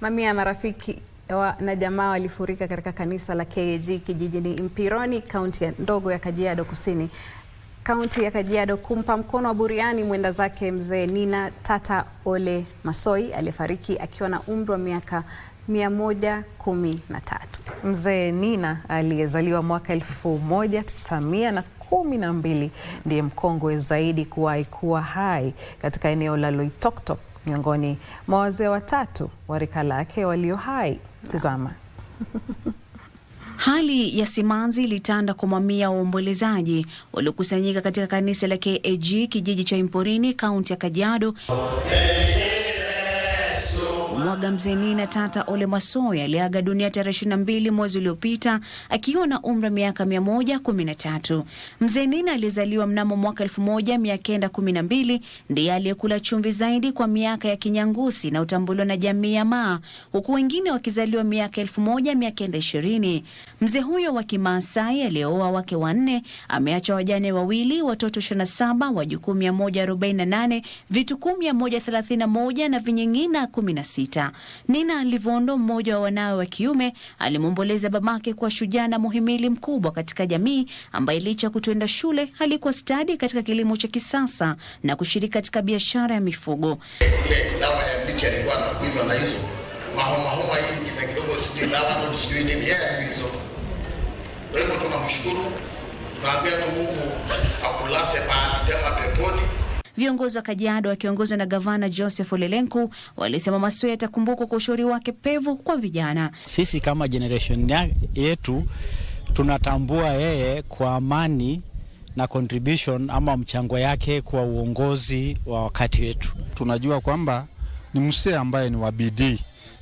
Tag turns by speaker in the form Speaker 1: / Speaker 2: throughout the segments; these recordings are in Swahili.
Speaker 1: Mamia ya marafiki wa, na jamaa walifurika katika kanisa la KAG kijijini Impironi, kaunti ya ndogo ya Kajiado Kusini, kaunti ya Kajiado kumpa mkono wa buriani mwenda zake mzee Nina Tata Ole Masoi aliyefariki akiwa na umri wa miaka 113.
Speaker 2: Mzee Nina aliyezaliwa mwaka 1900 kumi na mbili ndiye mkongwe zaidi kuwahi kuwa hai katika eneo la Loitoktok miongoni mwa wazee watatu wa rika lake walio hai. Tazama.
Speaker 3: Hali ya simanzi ilitanda kwa mamia waombolezaji waliokusanyika katika kanisa la KAG kijiji cha imporini kaunti ya Kajiado. Okay. Mwaga Mzeni na Tata Ole Mwasoya aliaga dunia tarehe 22 mwezi uliopita akiwa na umri wa miaka 113. nina aliyezaliwa mnamo mwaka 1912 ndiye aliyekula chumvi zaidi kwa miaka ya Kinyangusi na utambuliwa na jamii ya Maa, huku wengine wakizaliwa miaka 1920. Mzee huyo wa Kimaasai aliyeoa wake wanne ameacha wajane wawili, watoto 27, wajukuu 148, vitukuu 131 na vinying'ina 16 sita. Nina Livondo, mmoja wa wanawe wa kiume, alimwomboleza babake kwa shujaa na muhimili mkubwa katika jamii ambaye licha ya kutoenda shule alikuwa stadi katika kilimo cha kisasa na kushiriki katika biashara ya mifugo. Kwa hivyo tunamshukuru, tunaambia Mungu akulaze pale Viongozi wa Kajiado wakiongozwa na gavana Joseph Olelenku walisema Masowe atakumbukwa kwa ushauri wake pevu kwa vijana.
Speaker 4: Sisi kama generation yetu tunatambua yeye kwa amani na contribution ama mchango yake kwa uongozi wa wakati wetu.
Speaker 5: Tunajua kwamba ni msee ambaye ni wa bidii,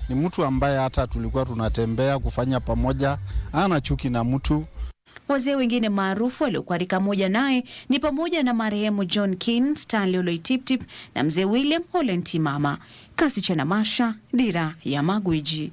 Speaker 5: ni mtu ambaye hata tulikuwa tunatembea kufanya pamoja, ana chuki na mtu.
Speaker 3: Wazee wengine maarufu waliokuwa rika moja naye ni pamoja na marehemu John Keane, Stanley Oloitiptip na mzee William Olentimama. Kasi cha Namasha, Dira ya Magwiji.